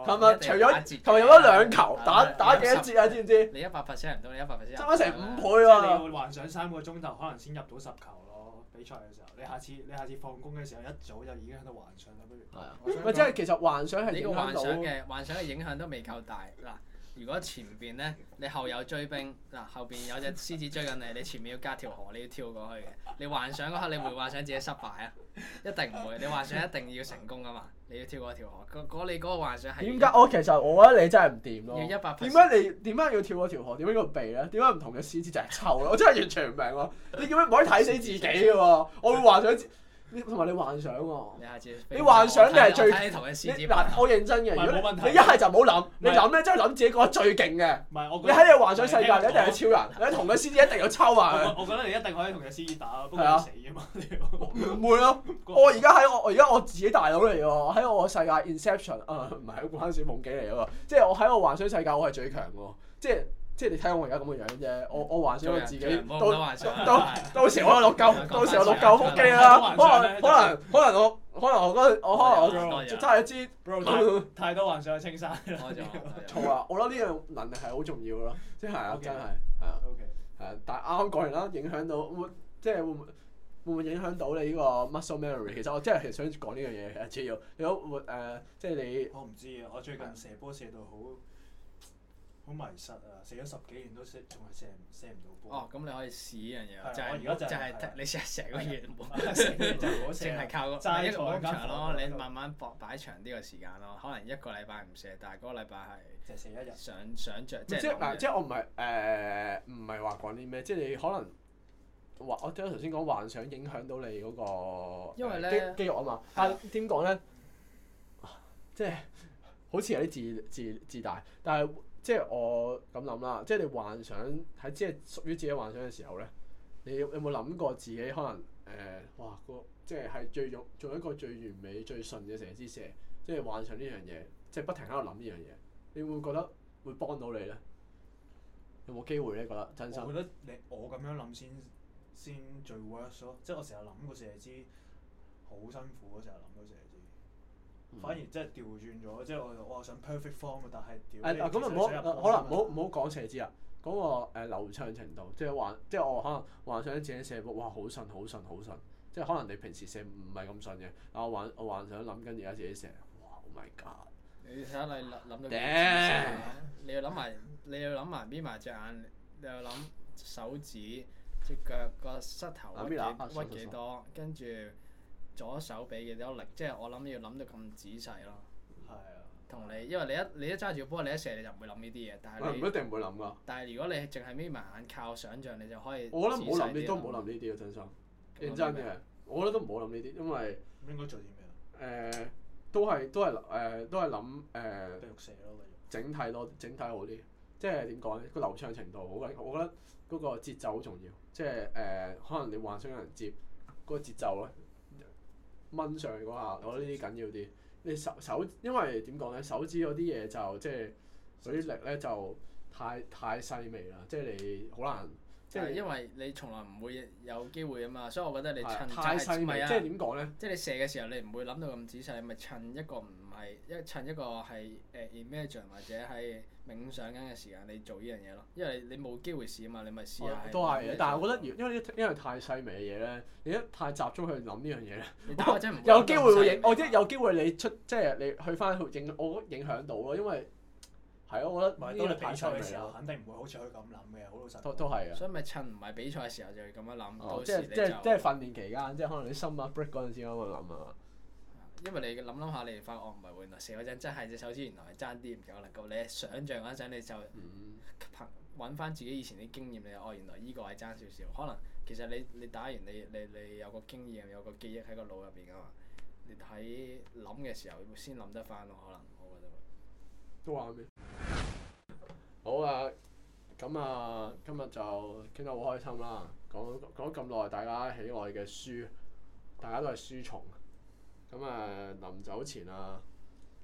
[SPEAKER 2] 琴日除咗
[SPEAKER 1] 琴日入咗兩球，打打幾多節啊？知
[SPEAKER 2] 唔知？你一百 percent，入到，你一百 percent。爭翻成五倍啊！你要幻想三個鐘頭，可能先入到十球。比賽嘅時候，你下次你下次放工嘅時候，一早就已經喺度幻想啦，不如？係啊的，咪即
[SPEAKER 1] 係其實幻想係呢個幻想
[SPEAKER 2] 嘅幻想嘅影響都
[SPEAKER 3] 未夠大嗱。如果前邊呢，你後有追兵嗱、啊，後邊有隻獅子追緊你，你前面要加條河，你要跳過去嘅。你幻想嗰刻，你會唔會幻想自己失敗啊？一定唔會，你幻想一定要成功噶嘛，你要跳過條河。嗰你嗰個幻想係點解？我、
[SPEAKER 1] 哦、其實我覺得你真係唔掂咯。點解你點解要跳過條河？點解要避咧？點解唔同嘅獅子就係、是、臭咯？我真係完全唔明喎。你點解唔可以睇死自己嘅喎？ [LAUGHS] 我會幻想。同埋你幻想喎，你幻想嘅係最，嗱我認真嘅，如果你一係就唔好諗，你諗咧真係諗自己個最勁嘅。唔係，我你喺你幻想世界，你一定係超人，你同佢獅子一定要抽埋佢。我覺
[SPEAKER 2] 得你一定可以
[SPEAKER 1] 同佢獅子打，不過死啊嘛！你！會咯，我而家喺我而家我自己大佬嚟喎，喺我世界 Inception 啊，唔係喺關事，夢境嚟嘅喎，即係我喺我幻想世界，我係最強嘅，即係。即係你睇我而家咁嘅樣啫，我我幻想我自己到到到時我有六嚿，到時六嚿腹肌啦，可能可
[SPEAKER 2] 能可能我可能我嗰我可能我揸一枝，太多幻想去青山啦。錯啦，我
[SPEAKER 1] 覺得呢樣能力係好重要咯，即係啊，真係係啊，OK 係啊，但係啱啱講完啦，影響到會即係會唔會會唔會影響到你呢個 muscle memory？其實我真係其實想講呢樣嘢其實主要，如
[SPEAKER 2] 果會誒即係你我唔知啊，我最近射波射到好。好迷失啊！食咗十幾年都識，仲係成射唔到波。哦，咁你可以試呢樣嘢，就係如果就係，你射成
[SPEAKER 3] 個月就冇，淨係靠擺一場咯。你慢慢搏擺長啲個時間咯，可能一個禮拜唔射，但係嗰個禮拜係射成一日。想想着即係即係
[SPEAKER 1] 我唔係誒，唔係話講啲咩，即係你可能幻我聽你頭先講幻想影響到你嗰個因為呢肌肉啊嘛。但點講咧？即係好似有啲自自自大，但係。即係我咁諗啦，即係你幻想喺即係屬於自己幻想嘅時候咧，你有冇諗過自己可能誒、呃，哇！個即係係最做一個最完美、最順嘅成之蛇，即係幻想呢樣嘢，即係不停喺度諗呢樣嘢，你會唔會覺得會幫到你咧？有冇機會咧？覺得真心？我覺得
[SPEAKER 2] 你我咁樣諗先先最 worst 咯，即係我成日諗個蛇，好辛苦，成日諗個蛇。反而真係調轉咗，即係我我係想 perfect form 嘅，但係調。誒，咁唔好，可能唔好
[SPEAKER 1] 唔好講寫字啊。嗰個誒流暢程度，即係幻，即係我可能幻想自己寫幅：「哇！好順，好順，好順。即係可能你平時寫唔係咁順嘅，但我幻我幻想諗緊而家自己寫，哇！Oh my god！
[SPEAKER 3] 你睇下你諗到幾多？你又諗埋，你又諗埋，眯埋隻眼，你又諗手指、隻腳、個膝頭屈屈幾多，跟住、啊。喰喰喰左手俾嘅多力，即係我諗要諗到咁仔細咯。係啊，同你因為你一你一揸住波，你一射你就唔會諗呢啲嘢。但係你唔一定唔會諗㗎。但係如果你淨係眯埋眼靠想像，你就可以。
[SPEAKER 2] 我覺得唔好諗呢，都唔好諗
[SPEAKER 1] 呢啲啊，真心認真嘅，我覺得都唔好諗呢啲，因為應該做啲咩？誒、呃，都係都係誒，都係諗誒。整體多整體好啲，即係點講咧？個流暢程度好緊，我覺得嗰個節奏好重要。即係誒、呃，可能你幻想有人接嗰個節奏咧。嗯掹上去嗰下，我呢啲緊要啲。你手手，因為點講咧？手指嗰啲嘢就即係、就是、水力咧就太太細微啦。即、就、係、是、你好難，即、就、係、是、因為
[SPEAKER 3] 你從來唔會有機會啊嘛。所以我覺得你趁、就是、太細微，即係點講咧？即係你射嘅時候你，你唔會諗到咁仔細，你咪趁一個唔。係一趁一個係誒 imagine 或者係冥想緊嘅時間，你做呢樣嘢咯。因為你冇機會試啊嘛，你咪試下、哦。都係但係
[SPEAKER 1] 我覺得，因為因為太細微嘅嘢呢，你一太集中去諗呢樣嘢咧，有機會會影。我即係有機會你出，即、就、係、是、你去翻去影，我覺得影響到咯。因為係咯，我覺得當你比賽嘅時
[SPEAKER 2] 候，肯定唔會好似佢咁諗嘅。好老實。
[SPEAKER 3] 都都係嘅。所以咪趁唔係比賽嘅時候就係咁樣諗。即係、啊、即係即
[SPEAKER 1] 訓練期間，即係可能你心脈 break 嗰陣時咁去諗啊。
[SPEAKER 3] 因為你諗諗下，你發覺，哦唔係喎，原來四個針真係隻手指原來係爭啲唔夠能夠，你想象嗰陣你就揾翻、嗯、自己以前啲經驗，你哦原來依個係爭少少，可能其實你你打完你你你有個經驗，有個記憶喺個腦入邊噶嘛，你睇諗嘅時候先諗得翻咯，可能我覺得都話咩好啊，咁啊今日就傾得好開
[SPEAKER 1] 心啦，講咗咁耐，大家喜愛嘅書，大家都係書蟲。咁啊，臨走前啊，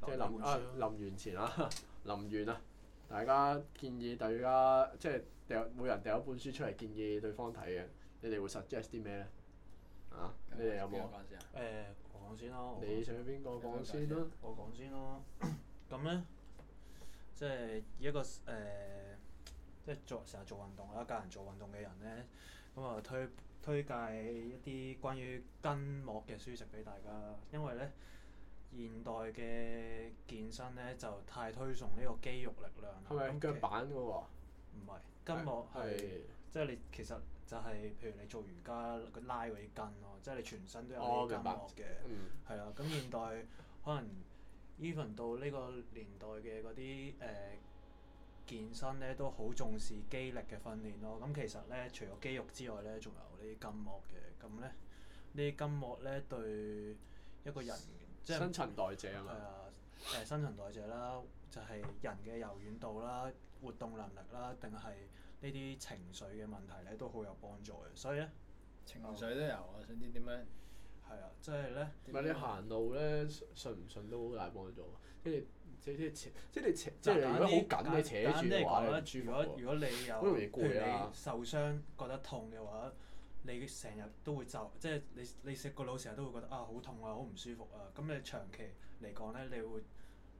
[SPEAKER 1] 即係臨啊，臨、啊、完前啊，臨 [LAUGHS] 完啊，大家建議大家即係掉每人掉一本書出嚟建議對方睇嘅，你哋會 suggest 啲咩咧？啊，你哋有冇？
[SPEAKER 2] 誒，我講先咯。你想邊個講先啊？我講先咯、啊。咁咧，即係一個誒、呃，即係做成日做運動，一家人做運動嘅人咧，咁啊推。推介一啲關於筋膜嘅書籍俾大家，因為咧現代嘅健身咧就太推崇呢個肌肉力量，係咪根腳板嘅、那、喎、個？唔係筋膜係是即係你其實就係、是、譬如你做瑜伽佢拉嗰啲筋咯，即係你全身都有啲筋膜嘅、哦，嗯，係啊，咁現代可能 even 到呢個年代嘅嗰啲誒。呃健身咧都好重視肌力嘅訓練咯，咁、嗯、其實咧除咗肌肉之外咧，仲有呢啲筋膜嘅，咁咧呢啲筋膜咧對一個人即係新陳代謝啊嘛，係啊，誒 [LAUGHS] 新陳代謝啦，就係、是、人嘅柔軟度啦、活動能力啦，定係呢啲情緒嘅問題咧都好有幫助嘅，所以咧情緒都有啊， [LAUGHS] 我想知點樣？係啊，即係咧。唔係你行
[SPEAKER 1] 路咧，順唔順都好大幫助。即係即係扯，即係你，你，你，你，你扯，即係如果好緊嘅扯住嘅話咧，如果如果你有、啊、譬如你
[SPEAKER 2] 受傷覺得痛嘅話，你成日都會就，即係你你成個腦成日都會覺得啊好痛啊好唔舒服啊。咁你長期嚟講咧，你會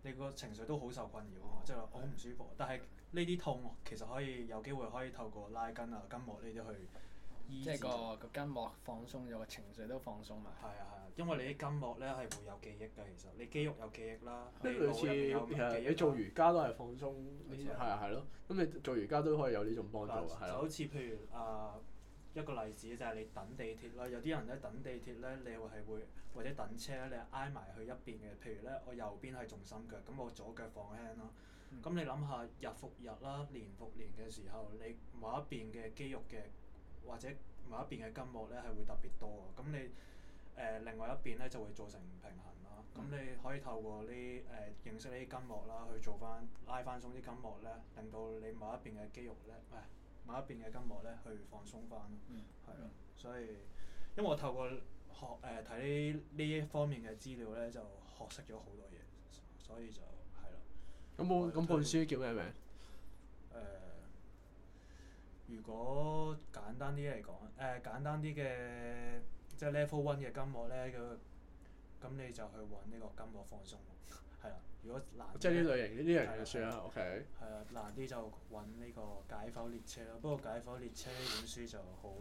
[SPEAKER 2] 你個情緒都好受困擾，即係好唔舒服。但係呢啲痛其實可以有機會可以透過拉筋啊筋膜呢啲去。即係個個筋膜放鬆咗，個情緒都放鬆埋。係啊係啊，因為你啲筋膜咧係會有記憶㗎，其實你肌肉有記憶啦，腦裏面有記憶。做
[SPEAKER 1] 瑜伽都係放
[SPEAKER 2] 鬆呢啲，係啊係
[SPEAKER 1] 咯。咁你做瑜伽都是瑜伽可以有呢種幫助，嗯、了就好似
[SPEAKER 2] 譬如啊、呃、一個例子就係你等地鐵啦，有啲人咧等地鐵咧，你會係會或者等車，你挨埋去一邊嘅。譬如咧，我右邊係重心腳，咁我左腳放輕咯。咁、嗯、你諗下日復日啦，年復年嘅時候，你某一邊嘅肌肉嘅。或者某一邊嘅筋膜咧係會特別多嘅，咁你誒、呃、另外一邊咧就會造成唔平衡啦。咁、嗯、你可以透過呢誒、呃、認識呢啲筋膜啦，去做翻拉翻鬆啲筋膜咧，令到你某一邊嘅肌肉咧，唔某一邊嘅筋膜咧去放鬆翻。嗯，係咯。所以因為我透過學誒睇呢呢一方面嘅資料咧，就學識咗好多嘢，所以就係喇。
[SPEAKER 1] 咁本咁本書叫咩名？
[SPEAKER 2] 如果簡單啲嚟講，誒、呃、簡單啲嘅，即係 level one 嘅筋膜咧，咁咁你就去揾呢個筋膜放鬆。係啦，如果難即係呢類型呢啲型嘅算啦，OK。係啊，難啲就揾呢個解剖列車咯。不過解剖列車本書就好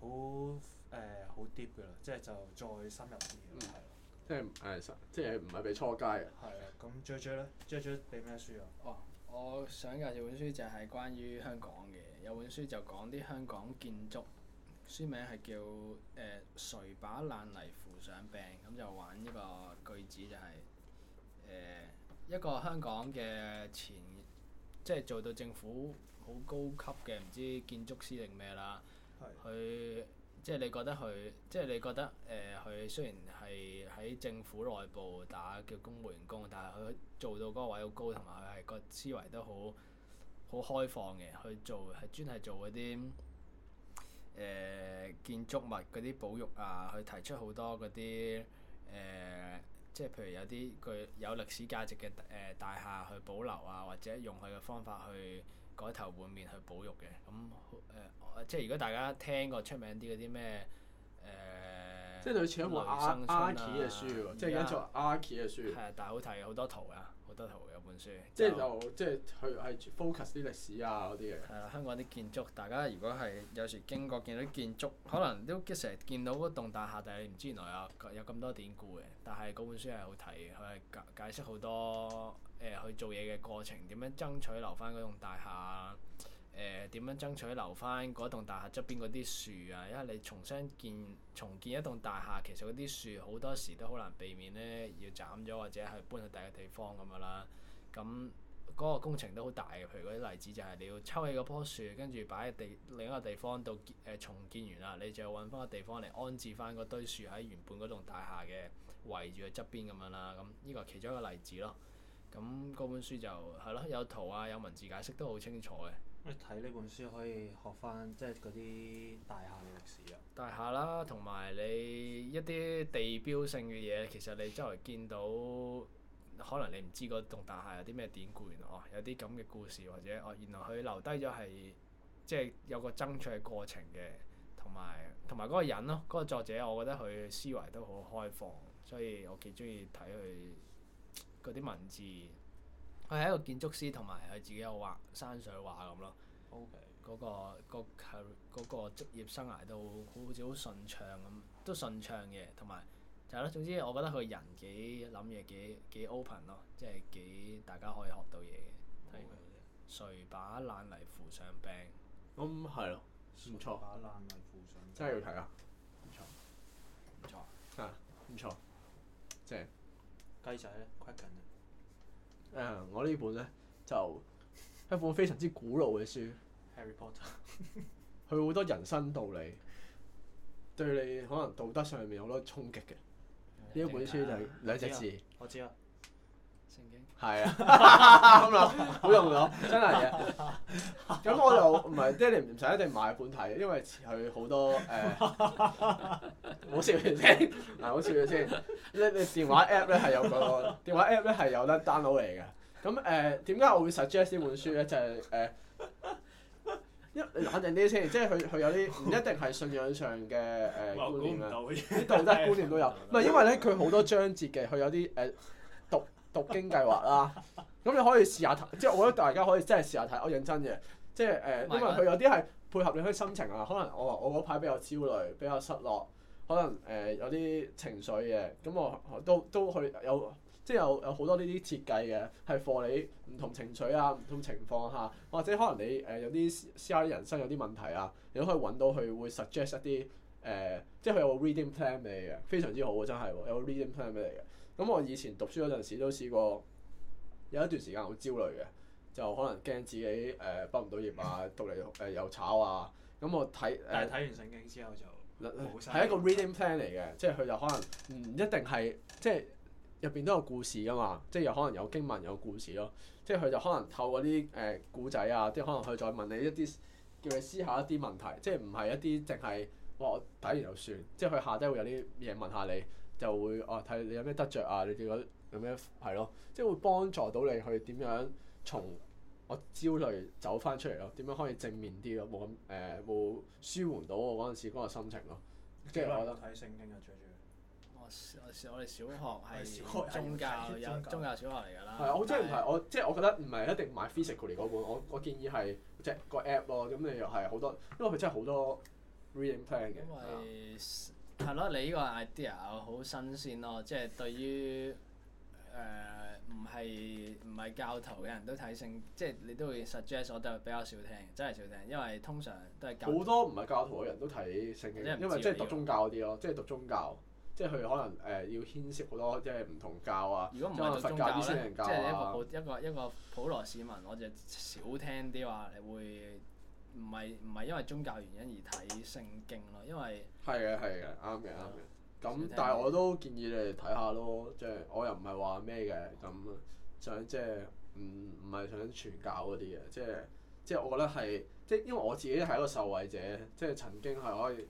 [SPEAKER 2] 好誒，好、呃、deep 㗎啦，即係就再深入啲嘅係咯。即係即係唔係俾初階 j j j j 啊？係啊，咁 Jazz 咧
[SPEAKER 3] Jazz 俾咩書啊？哦。我想介紹本書就係關於香港嘅，有本書就講啲香港建築，書名係叫《誒、呃、誰把爛泥扶上病》，咁就玩一個句子就係、是呃、一個香港嘅前，即係做到政府好高級嘅唔知建築師定咩啦，佢。是的 即係你覺得佢，即係你覺得誒，佢、呃、雖然係喺政府內部打叫公務員工，但係佢做到嗰個位好高，同埋佢係個思維都好好開放嘅，去做係專係做嗰啲誒建築物嗰啲保育啊，去提出好多嗰啲誒，即係譬如有啲佢有歷史價值嘅誒、呃、大廈去保留啊，或者用佢嘅方法去。改頭換面去保育嘅，咁誒、呃，即係如果大家聽過出名啲嗰啲咩誒，呃、即係類似一個阿阿奇嘅書喎，即係講做阿奇嘅書，係啊，但係好睇，好多圖啊。冇得好有本書，即係就然後即係佢係 focus 啲歷史啊嗰啲嘢。係啦，香港啲建築，大家如果係有時經過見到啲建築，可能都成日見到嗰棟大廈，但係你唔知原來有咁多典故嘅。但係嗰本書係好睇嘅，佢係解解釋好多誒、呃、去做嘢嘅過程，點樣爭取留翻嗰棟大廈啊。誒點、呃、樣爭取留翻嗰棟大廈側邊嗰啲樹啊？因為你重新建、重建一棟大廈，其實嗰啲樹好多時都好難避免呢，要斬咗或者係搬去第二個地方咁樣啦。咁、嗯、嗰、那個工程都好大嘅，譬如嗰啲例子就係你要抽起嗰棵樹，跟住擺喺地另一個地方到、呃、重建完啦，你就要揾翻個地方嚟安置翻嗰堆樹喺原本嗰棟大廈嘅圍住佢側邊咁樣啦。咁、嗯、呢、這個係其中一個例子咯。咁、嗯、嗰本書就係咯，有圖啊，有文字解釋都好清楚嘅。
[SPEAKER 2] 咁睇呢本書可以學翻即係嗰啲大廈嘅歷史啊！
[SPEAKER 3] 大廈啦，同埋你一啲地標性嘅嘢，其實你周圍見到，可能你唔知嗰棟大廈有啲咩典故，原來哦，有啲咁嘅故事，或者哦，原來佢留低咗係即係有個爭取過程嘅，同埋同埋嗰個人咯，嗰、嗰個作者，我覺得佢思維都好開放，所以我幾中意睇佢嗰啲文字。佢係一個建築師，同埋佢自己有畫山水畫咁咯。OK，嗰個個係嗰個職業生涯都好似好順暢咁，都順暢嘅。同埋就係咯，總之我覺得佢人幾諗嘢幾幾 open 咯，即係幾大家可以學到嘢嘅。睇佢 Okay.。誰、嗯、把爛泥扶上壁？咁係咯，
[SPEAKER 2] 算錯。把爛泥扶上。真係
[SPEAKER 1] 要睇啊！唔錯，唔錯，唔錯啊！唔錯，正。
[SPEAKER 2] 雞仔咧誒，
[SPEAKER 1] 我本呢本咧就一本非常之古老嘅書，《Harry Potter》，佢好多人生道理，對你可能道德上面有好多衝擊嘅。
[SPEAKER 2] 呢一、嗯、本書就係兩隻字我。我知啦。
[SPEAKER 1] 係啊，咁咯，好用咗，真係嘅。
[SPEAKER 2] 咁我又唔
[SPEAKER 1] 係，即係你唔使一定買本睇，因為佢好多誒，呃、好笑住、嗯、先笑，嗱、嗯，好笑嘅先。你你電話 app 咧係有個電話 app 咧係有得 download 嚟嘅。咁誒點解我會 suggest 呢本書咧？就係、是、誒，一、呃、你冷靜啲先，即係佢佢有啲唔一定係信仰上嘅誒觀念啊，道、呃、德觀念都有。唔係、哎、呀因為咧，佢好多章節嘅，佢有啲誒、呃、讀。 [LAUGHS] 讀經計劃啦，咁你可以試下睇，即我覺得大家可以真係試下睇，我認真嘅，即係、呃、 [LAUGHS] 因為佢有啲係配合你啲心情啊，可能、哦、我我嗰排比較焦慮、比較失落，可能誒、呃、有啲情緒嘅，咁我都都去有，即有有好多呢啲設計嘅，係 for 你唔同情緒啊、唔同情況下、啊，或者可能你誒、呃、有啲思考人生有啲問題啊，你都可以揾到佢會 suggest 一啲誒、呃，即佢有個 reading plan 俾你嘅，非常之好喎，真係有個 reading plan 俾你嘅。咁、嗯、我以前讀書嗰陣時都試過有一段時間好焦慮嘅，就可能驚自己誒畢唔到業啊，讀嚟誒、呃、又炒啊。咁我睇，呃、但睇完
[SPEAKER 2] 聖經之後就係一個
[SPEAKER 1] reading plan 嚟嘅，即係佢就可能唔一定係即係入邊都有故事噶嘛，即係有可能有經文有故事咯。即係佢就可能透過啲誒、呃、故仔啊，即係可能佢再問你一啲叫你思考一啲問題，即係唔係一啲淨係我睇完就算，即係佢下低會有啲嘢問下你。就會啊睇你有咩得着啊，你仲有有咩係咯，即係會幫助到你去點樣從我焦慮走翻出嚟咯，點樣可以正面啲咯，冇咁誒冇舒緩到我嗰陣時嗰個心情咯。
[SPEAKER 2] 即係我覺得睇聖經啊，最主
[SPEAKER 3] 要我小我哋小學係小學宗教宗教小學嚟㗎啦。係啊， [LAUGHS] 我真係唔係
[SPEAKER 1] 我即係我覺得唔係一定買 physical 嚟嗰本，我我建議係即係個 app 咯。咁你又係好多，因為佢真係好多 reading plan 嘅。為
[SPEAKER 3] 係咯，你呢個 idea 好新鮮咯、哦，即係對於唔係唔係教徒嘅人都睇聖，即係你都會 suggest 我都比較少聽，真係少聽，因為通常都係教徒，好多唔係
[SPEAKER 1] 教徒嘅人都睇聖經，嗯、因為即係讀宗教啲咯，即係讀,讀宗教，即係佢可能誒要牽涉好多即係唔同教啊，如果唔係讀宗教，佛教啲先人教啊，一個一個
[SPEAKER 3] 一個,一個普羅市民我就少聽啲話，你會。唔係唔係因為宗教原因而睇聖經咯，因為係嘅係嘅，啱嘅啱嘅。
[SPEAKER 1] 咁，嗯，但係我都建議你哋睇下咯，即係我又唔係話咩嘅咁想即係唔唔係想傳教嗰啲嘅，即係即係我覺得係即係因為我自己係一個受惠者，即係曾經係可以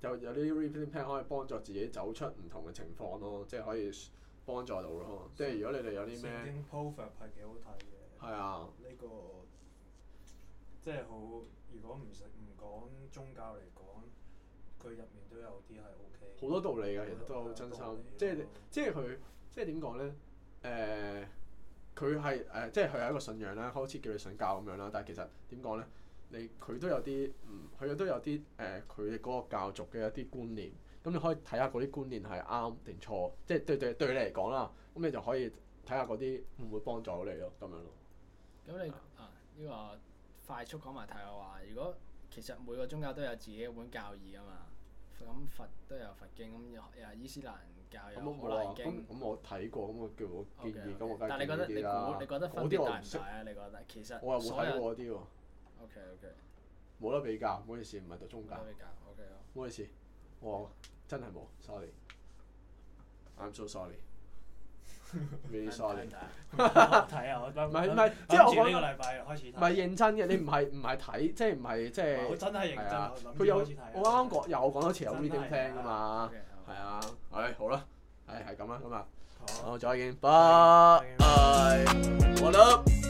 [SPEAKER 1] 就有有啲 rethinking 可以幫助自己走出唔同嘅情況咯，即係可以幫助到咯。嗯，即係如果你哋有啲咩聖
[SPEAKER 2] 經係幾好睇嘅，係啊，呢個即係好。就是如果唔使唔講
[SPEAKER 1] 宗教嚟講，佢入面都有啲係 O K。好多道理㗎，其實都真心，即係即係佢即係點講咧？誒，佢係誒，即係佢係一個信仰啦，好似叫你信教咁樣啦。但係其實點講咧？你佢都有啲唔，佢、嗯、都有啲誒，佢哋、呃、嗰個教俗嘅一啲觀念。咁你可以睇下嗰啲觀念係啱定錯，即、就、係、是、對對對你嚟講啦。咁你就可以睇下嗰啲會唔會幫助到你咯，咁樣咯。
[SPEAKER 3] 咁你的啊呢個？快速講埋題話，如果其實每個宗教都有自己一本教義噶嘛，咁佛都有佛經，咁又係伊斯蘭教有穆罕默德經，咁我
[SPEAKER 1] 睇過，咁我叫我建議咁，okay, okay. 我但係你覺得你
[SPEAKER 3] 你覺得啲大唔大啊？你覺得其實所有嗰啲喎，OK OK，
[SPEAKER 1] 冇得比較，唔好意思，唔係讀宗教，冇得比較，OK OK，唔好意思，我真係冇，sorry，I'm so sorry。唔係唔係，即係我講住呢個禮拜開始睇。唔係認真嘅，你唔係唔係睇，即係唔係即係。我真係認真。佢有我啱啱又有講多次，有啲點聽㗎嘛？係啊，誒好啦，誒係咁啦，咁啊，好，再見，拜拜，我哋。